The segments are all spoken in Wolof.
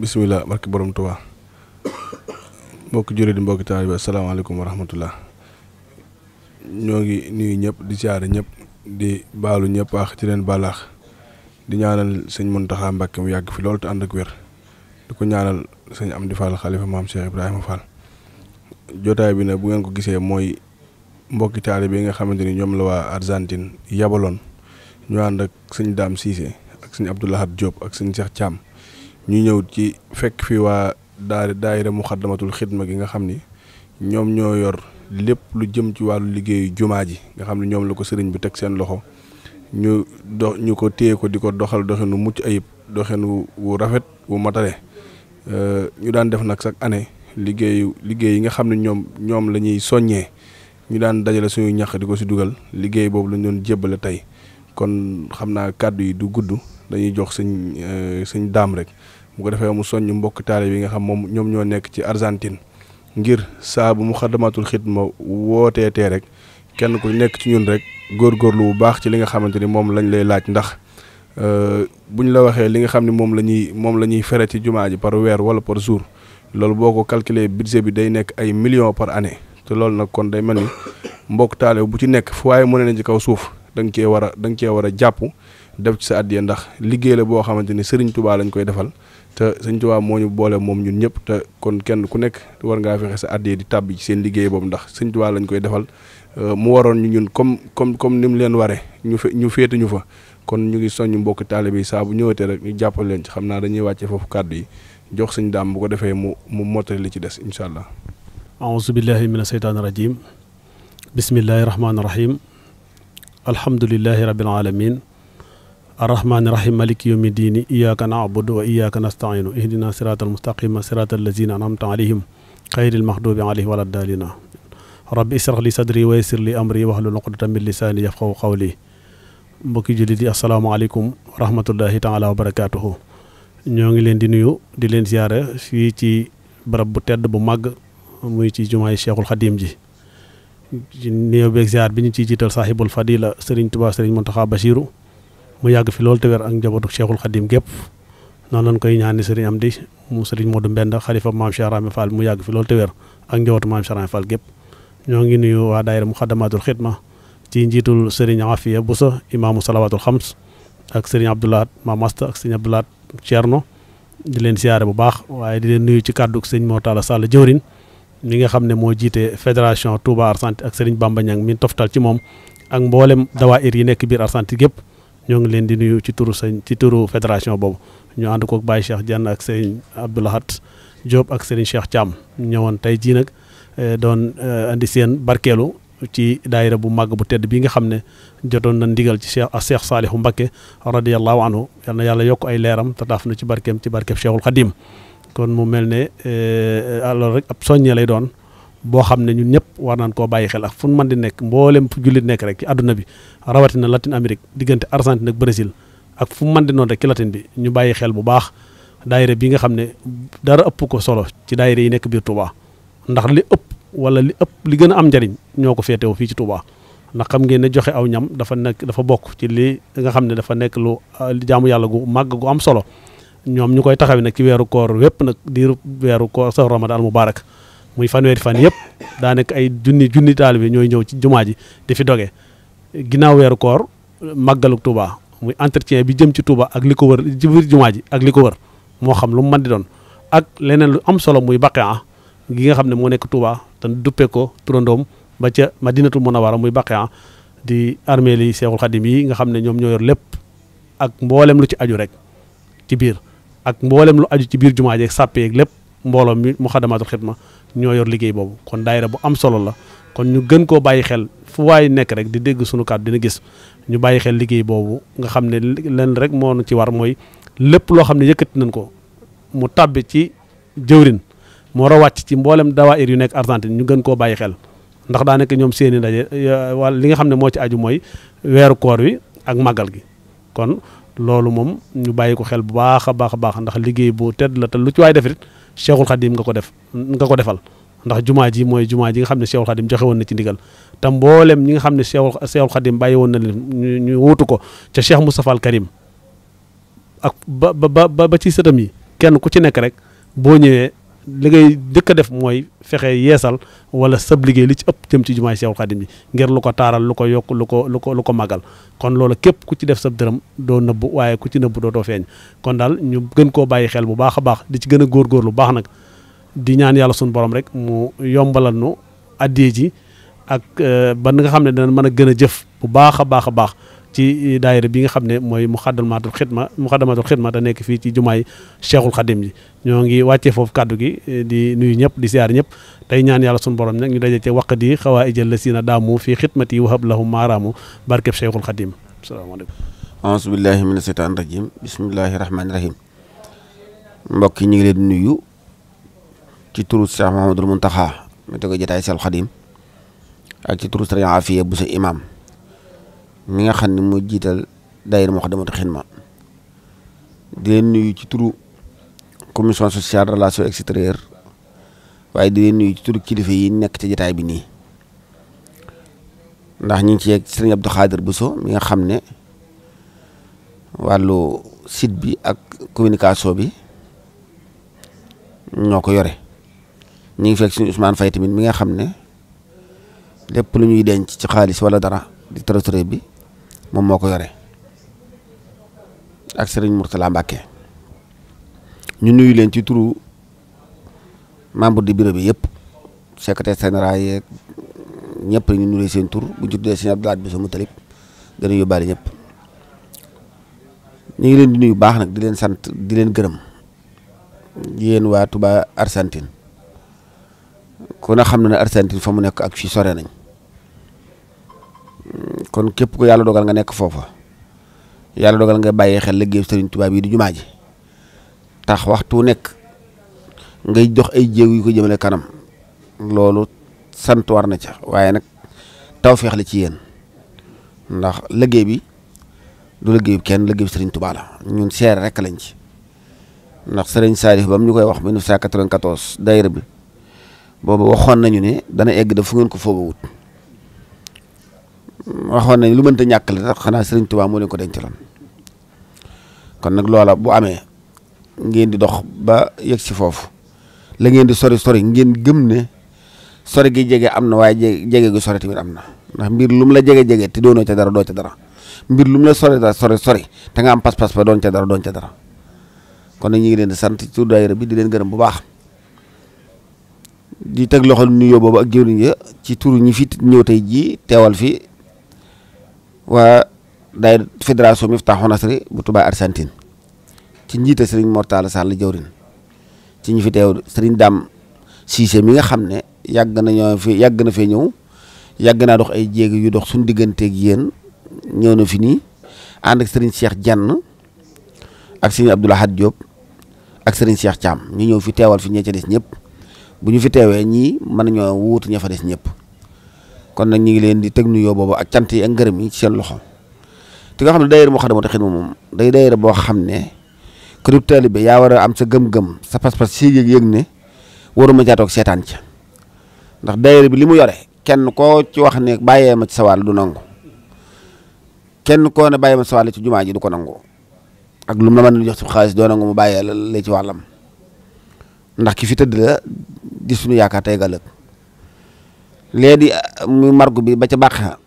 bisimilah barki borom Tuubaa mbokki jullit di mbokki taalibe asalaamaaleykum wa ñoo ngi nuyu ñëpp di siyaare ñëpp di baalu ñëpp aax ci leen baalaax di ñaanal sëñ Muntaxa Mbàkke mu yàgg fi loolu te ànd ak wér di ko ñaanal sëñ Amdi Fall xalifa maam Cheikh Ibrahima Fall jotaay bi nag bu ngeen ko gisee mooy mbokki taalibe yi nga xamante ni ñoom la waa Argentine yabaloon ñu ànd ak sëñ daam Cissé ak sëñ Abdoulahad Diop ak sëñ Cheikh Thiam ñu ñëw ci fekk fii waa daari daayira muxaddamatul xidma gi nga xam ni ñoom ñoo yor lépp lu jëm ci wàllu liggéeyu jumaa ji nga xam ne ñoom la ko sëriñ bi teg seen loxo ñu do ñu ko téye ko di ko doxal doxinu mucc ayib doxinu wu rafet wu matale euh, ñu daan def nag chaque année liggéeyu liggéey yi nga xam ne ñoom ñoom la ñuy soññee ñu daan dajale suñu ñax di ko si dugal liggéey boobu lañ doon jébbale tey kon xam naa kàddu yi du gudd dañuy jox sëñ euh, sëñ daam rek bu ko defee mu soññ mbokk taalibe bi nga xam moom ñoom ñoo nekk ci Argentine ngir saa bu mu xadamatul xidma wooteetee rek kenn ku nekk ci ñun rek góor góorgóorlu bu baax ci li nga xamante ni moom lañ lay laaj ndax euh, bu ñu la waxee li nga xam ne moom la ñuy moom la ñuy fere ci jumaa ji par weer wala par jour loolu boo ko calculer budget bi day nekk ay million par année te loolu nag kon day mel ni mbokk taalibe bu ci nekk fu waaye mën ne ci kaw suuf da nga cee war a da nga cee war a jàpp def ci sa àddiya ndax liggéey la boo xamante ni Sëriñ Tuubaa koy defal te sëñ Tuubaa moo ñu boole moom ñun ñëpp te kon kenn ku nekk war ngaa fexe sa àddee di tàbbi ci seen liggéey boobu ndax sëñ Tuubaa lañ koy defal euh, mu waroon ñu ñun comme comme comme ni mu leen waree ñu fe ñu féete ñu fa kon ñu ngi soññ mbokki taalibe yi saa bu ñëwatee rek ñu jàppal leen ci xam naa dañuy wàcce foofu kàddu yi jox sëñ daam bu ko defee mu mu mottali li ci des incha allah aousu billahi min asheytaani rajim bismillahi rahmaani rahim alhamdulilahi rabbil alamin arrahmaani rahim maliki yawmi na iyyaka na'budu wa iyyaka nasta'inu ihdina a mustaqima siraatal lazina an'amta alayhim xayril maxduubi alayhim wala daalina rabbi israh li sadri wa yassir li amri wahlul uqdatan min lisaani yafqahu xaw mbokki jullit yi asalaamaaleykum wa rahmatullahi taala wa barakaatuhu ñoo ngi leen di nuyu di leen ziare fii ci barab bu tedd bu màgg ci jumaay cheikhul xadim ji néew beeg bi ñu ciy jiital saaxibul fadila sëriñ tubaa sëriñ Muntaxa Bachiru mu yàgg fi loolu te wér ak njabootu Cheikhul Khadim gépp noonu lañ koy ñaani sëriñ Amdi mu sëriñ Modou Mbenda xalifa maam Cheikh Rahma mu yàgg fi loolu te wér ak njabootu maam Cheikh Rahma gépp ñoo ngi nuyu waa daayira Muxaddamatul Xidma ci njiitul sëriñ Afiya Busa imaamu salawatul xams ak sëriñ Abdoulaat Maam Asta ak sëriñ Abdoulaat Thierno di leen siyaare bu baax waaye di leen nuyu ci kàddu sëñ Mortala Sall jëwrin mi nga xam ne moo jiite fédération Touba Argentine ak sëriñ Bamba Ñang mi toftal ci moom ak mboolem dawaayir yi nekk biir Argentine gépp ñoo ngi leen di nuyu ci turu sëñ ci turu fédération boobu ñu ànd koog Baye Cheikh Dieng ak sëñ Abdoulahat Diop ak sëriñ Cheikh Thiam ñëwoon tey jii nag eh, doon eh, andi seen barkeelu ci daayire bu màgg bu tedd bi nga xam ne jotoon na ndigal ci Cheikh ak Cheikh Saalihu Mbakke radiyallahu anhu yal na yàlla yokk ay leeram te taaf na ci barkeem ci barkeem Cheikhul Khadim kon mu mel ne eh, alors rek ab soññe lay doon boo xam ne ñun ñëpp war naan koo bàyyi xel ak fu mën di nekk mboolem fu jullit nekk rek ci àdduna bi rawatina Latin Amérique diggante Argentine ak Brésil ak fu mën di noonu rek ci Latin bi ñu bàyyi xel bu baax daayira bi nga xam ne dara ëpp ko solo ci daayira yi nekk biir Touba ndax li ëpp wala li ëpp li gën a am njariñ ñoo ko féetewoo fii ci Touba ndax xam ngeen ne joxe aw ñam dafa nekk dafa bokk ci li nga xam ne dafa nekk lu ah, jaamu yàlla gu màgg gu am solo ñoom ñu koy taxawee nag ci weeru koor wépp nag diiru weeru koor sa Ramadan al Mubarak muy fanweeri fan yëpp daanaka ay junni junni bi ñooy ñëw ci jumaa ji di fi doge ginnaaw weeru koor màggalu Touba muy entretien bi jëm ci Touba ak li ko wër ci biir jumaa ji ak li ko wër moo xam lu mu mën di doon ak leneen lu am solo muy Baqiya gi nga xam ne moo nekk Touba te duppe ko turandoom ba ca ma Madinatul Munawara muy Baqiya di armée li Seexul Xadim yi nga xam ne ñoom ñoo yor lépp ak mboolem lu ci aju rek ci biir ak mboolem lu aju ci biir jumaa ji ak sàppe yeeg mbooloo mi mu xadamaatul xidma ñoo yor liggéey boobu kon daayira bu am solo la kon ñu gën koo bàyyi xel fu waay nekk rek di dégg sunu kàddu dina gis ñu bàyyi xel liggéey boobu nga xam ne leen rek moo nu ci war mooy lépp loo xam ne yëkkati nañ ko mu tàbbi ci jëwrin moo war a wàcc ci mboolem dawaayir yu nekk Argentine ñu gën koo bàyyi xel ndax daanaka ñoom seeni ndaje wala li nga xam ne moo ci aju mooy weeru koor wi ak màggal gi kon loolu moom ñu bàyyi ko xel bu baax a baax a baax ndax liggéey bu tedd la te lu ci waay def it Cheikhul Khadim nga ko def nga ko defal ndax jumaa ji mooy jumaa ji nga xam ne Cheikhul Khadim joxe woon na ci ndigal ta mboolem ñi nga xam ne Cheikhul Cheikhul Khadim bàyyi woon na leen ñu wuutu ko ca Cheikh Moustapha al ak ba ba ba ba ci sëtam yi kenn ku ci nekk rek boo ñëwee li ngay jëkk a def mooy fexe yeesal wala sab liggéey li ci ëpp jëm ci jumaay Seexul Xadim bi ngir lu ko taaral lu ko yokk lu ko lu ko lu ko màggal kon loolu képp ku ci def sab dërëm doo nëbbu waaye ku ci nëbbu dootoo feeñ kon daal ñu gën koo bàyyi xel bu baax a baax di ci gën a góorgóor lu baax nag di ñaan yàlla suñu borom rek mu yombalal nu addee ji ak euh, ban nga xam ne dana mën a gën a jëf bu baax a baax a baax ci daayira bi nga xam ne mooy muxaddamatul xidma muxaddamatul xidma te nekk fii ci jumaay cheikhul xadim ji ñoo ngi wàccee foofu kàddu gi eh, di nuyu ñëpp di siyaar ñëpp tey ñaan yàlla suñu borom nag ñu daje ci waq di xawaa ijal la siina daamu fii xidmati wahab lahum maaraamu barkeb cheikhul xadim asalaamaaleykum aousu billahi mina seytaan rajim bismillahi rahmaani rahim mbokk yi ñu ngi leen nuyu ci turu cheikh mahamadul muntaxa mi tëgg jotaay cheikhul xadim ak ci turu sëriñ afiya bu sa mi nga xam ne moo jiital daayira Moukhaddamatoul Khidma di leen nuyu ci turu commission sociale relation extérieure waaye di leen nuyu ci turu kilifa yi nekk ci jotaay bi nii ndax ñu ngi ci yegg sëriñ Abdou Khadir Bousso mi nga xam ne wàllu sit bi ak communication bi ñoo ko yore ñu ngi fekk suñu Ousmane Faye tamit mi nga xam ne lépp lu ñuy denc ci xaalis wala dara. di trésorier bi moom moo ko yore ak Serigne Mourtala Mbacke ñu nuyu leen ci turu membre du bureau bi yëpp secrétaire général yeeg ñëpp ñu nuyu seen tur bu ñu tuddee seen Abdoulaye bi sama talib dana yóbbaale ñëpp ñu ngi leen di nuyu baax nag di leen sant di leen gërëm yéen waa Touba Argentine ku na xam na ne Argentine fa mu nekk ak fii sore nañ. kon képp ko yàlla dogal nga nekk foofa yàlla dogal nga bàyyi xel liggéey sëriñ Tuubaa yi di jumaa ji tax waxtu nekk ngay dox ay jéego yu ko jëmale kanam loolu sant war na ca waaye nag taw tawfeex la ci yéen ndax liggéey bi du liggéey bi kenn liggéey bi sëriñ Tuubaa la ñun seere rek lañ ci ndax sëriñ Saalif ba mu ñu koy wax 1994 daayira bi boobu waxoon nañu ne dana egg da fu ngeen ko foogawut waxoon nañ lu mënta ñàkk la tax xanaa Sëriñ Tuubaa moo leen ko dencaloon kon nag loola bu amee ngeen di dox ba yegg si foofu la ngeen di sori sori ngeen gëm ne sori gi jege am na waaye jege gi sori tamit am na ndax mbir lu la jege jege te doonoo ca dara doo ca dara mbir lu mu la sori dara sori sori te nga am pas-pas ba doon ca dara doon ca dara kon nag ñu ngi leen di sant ci daayira bi di leen gërëm bu baax. di teg loxo nuyoo boobu ak jëwriñ ya ci turu ñi fi ñëw tey jii teewal fi waa day fédération Miftahou Nasri bu Touba Argentine ci njiite sëriñ Mortala Sall jawrin ci ñu fi teew sëriñ Dame Cissé mi nga xam ne yàgg nañoo yàgg na fee ñëw yàgg naa dox ay jéeg yu dox suñu digganteeg yéen ñëw na fi nii ànd ak sëriñ Cheikh Diagne ak sëriñ Abdoul Ahad Diop ak sëriñ Cheikh Thiam ñu ñëw fi teewal fi ñee ca des ñëpp bu ñu fi teewee ñii mën nañoo wuutu ña fa des ñëpp. kon nag ñu ngi leen di teg boobu ak cant yi ak ngërëm yi ci seen loxo te nga xam ne daayira Moukhaddamatoul Khidma moom day daayira boo xam ne kërib taalibe yaa war a am sa gëm-gëm sa pas-pas si yëg-yëg ne waruma caa toog seetaan ca ndax daayira bi li mu yore kenn koo ci wax ne bàyyee ma ci sa wàll du nangu kenn koo ne bàyyee ma ci sa wàll jumaa ji du ko nangu ak lu mu la mën a jox ci xaalis doo nangu mu bàyyee la lee ci wàllam ndax ki fi tëdd la di suñu yaakaar tey ëllëg lee di muy bi ba ca bàqixa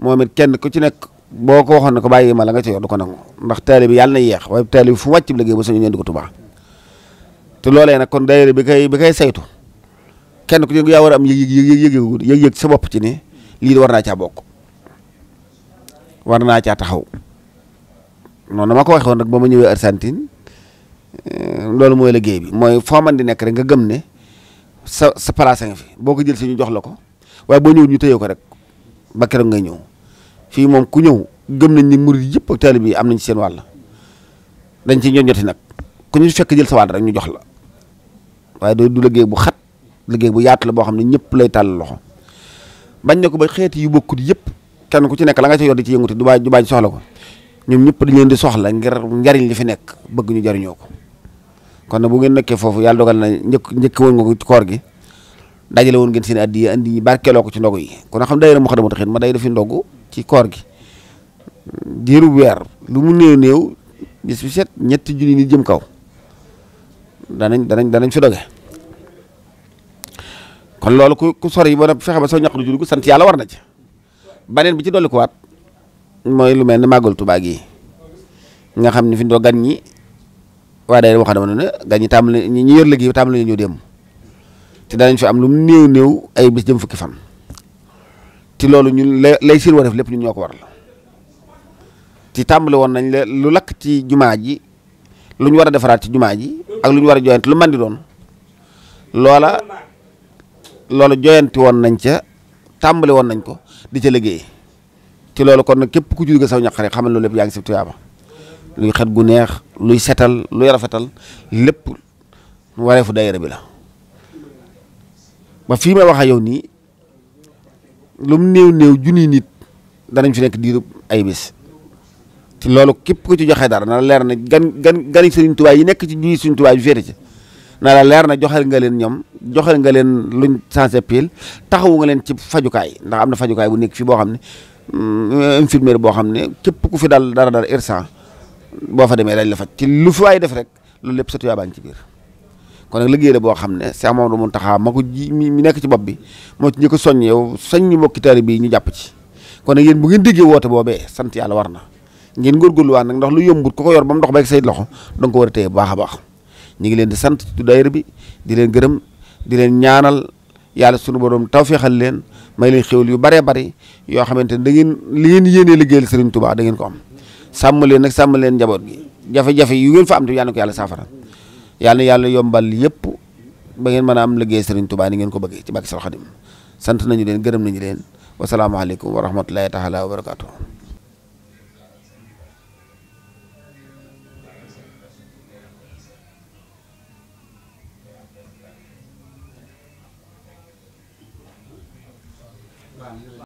moom it kenn ku ci nekk boo ko waxoon ne ko bàyyi ma la nga ci yor du ko nangu ndax taali bi yàlla na yéex waaye bi fu wàcc bi liggéey ba suñu ñeen di ko tubaa te loolee nag kon daayira bi koy bi koy saytu kenn ku ci yaa war am yëg yëg yëg yëg sa bopp ci ne lii war naa caa bokk war naa caa taxaw noonu ma ko waxee woon rek ba ma ñëwee Argentine eh, loolu mooy liggéey bi mooy foo man di nekk rek nga gëm ne sa sa place nga fi boo ko jël si ñu jox la ko waaye boo ñëw ñu téye ko rek ba keroog ngay ñëw fii moom ku ñëw gëm nañ ni murid yëpp ak taalib yi am nañ seen wàll dañ ci ñoom nag ku ñu fekk jël sa wàll rek ñu jox la waaye doo du liggéey bu xat liggéey bu la boo xam ne ñëpp lay tàll loxo bañ ne ko ba xeeti yu bokkut yëpp kenn ku ci nekk la nga ci yor di ci yënguti du bañ du bañ soxla ko ñoom ñëpp dañ leen di soxla ngir njariñ li fi nekk bëgg ñu jariñoo ko kon na bu ngeen nekkee foofu yàlla dogal na njëkk njëkk woon nga ci koor gi dajale woon ngeen seen addiya andi barkeeloo ko ci ndogu yi kon xam daayira Moukhaddamatoul Khidma day dafi ndogu ci koor gi diiru weer lu mu néew néew bis bi set ñetti junni nit jëm kaw danañ danañ danañ fi doge kon loolu ku ku sori ba nag fexe ba soo ñàkk du jur gu sant yàlla war na ci baneen bi ci dolli ko waat mooy lu mel ne màggal Tuubaa gi nga xam ne fi ñi waa day wax dama ne gaa ñi tàmbali ñi yor liggéey tàmbali ñu ñëw dem te danañ fi am lu mu néew néew ay bis jëm fukki fan ci loolu ñun lay lay seen wareef lépp ñun ñoo ko waral ci tàmbali woon nañ la lu lakk ci jumaa ji lu ñu war a defaraat ci jumaa ji ak lu ñu war a joyante lu man di doon loola loola joyanti woon nañ ca tàmbali woon nañ ko di ca liggéey ci loolu kon nag képp ku jur ga saw ñaq rek xamal loolu lépp yaa ngi luy xet gu neex luy setal luy rafetal lépp wareefu daayira bi la ba fii may wax yow nii lu mu néew néew junni nit danañ fi nekk diiru ay bis te loolu képp ku ci joxe dara na la leer na gan gan gan Sëriñ Tuubaa yi nekk ci ñi Sëriñ Tuubaa yu ci na la leer na joxel nga leen ñoom joxel nga leen luñ sensé pile taxawu nga leen ci fajukaay ndax am na fajukaay bu nekk fii boo xam ne mm, infirmière boo xam ne képp ku fi dal dara dara irsan boo fa demee dañ la faj ti lu fi waay def rek loolu lépp sa tuyaabaa ngi ci biir kon nag liggéey boo xam ne Cheikh Mamadou Mountakha ma ko ji mi nekk ci bopp bi moo ci ñi ko soññ yow soññ mbokki taalibe yi ñu jàpp ci kon nag yéen bu ngeen déggee woote boobee sant yàlla war na ngeen góorgóorluwaat nag ndax lu yombut ku ko yor ba mu dox ba ak say loxo da ko war te téye bu baax a baax ñu ngi leen di sant ci daayira bi di leen gërëm di leen ñaanal yàlla sunu borom tawféexal leen may leen xéwal yu baree bari yoo xamante da ngeen li ngeen yéenee liggéeyal Serigne Touba da ngeen ko am sàmm leen nag sàmm njaboot gi jafe-jafe yu ngeen fa am te yàlla ko yàlla safara yàlla na yàlla yombal yëpp ba ngeen mën am liggéey Serigne Touba ni ngeen ko bëggee ci bàkki Sal Xadim sant nañu leen gërëm nañu leen wasalaamaaleykum wa rahmatullahi taala wa barakaatu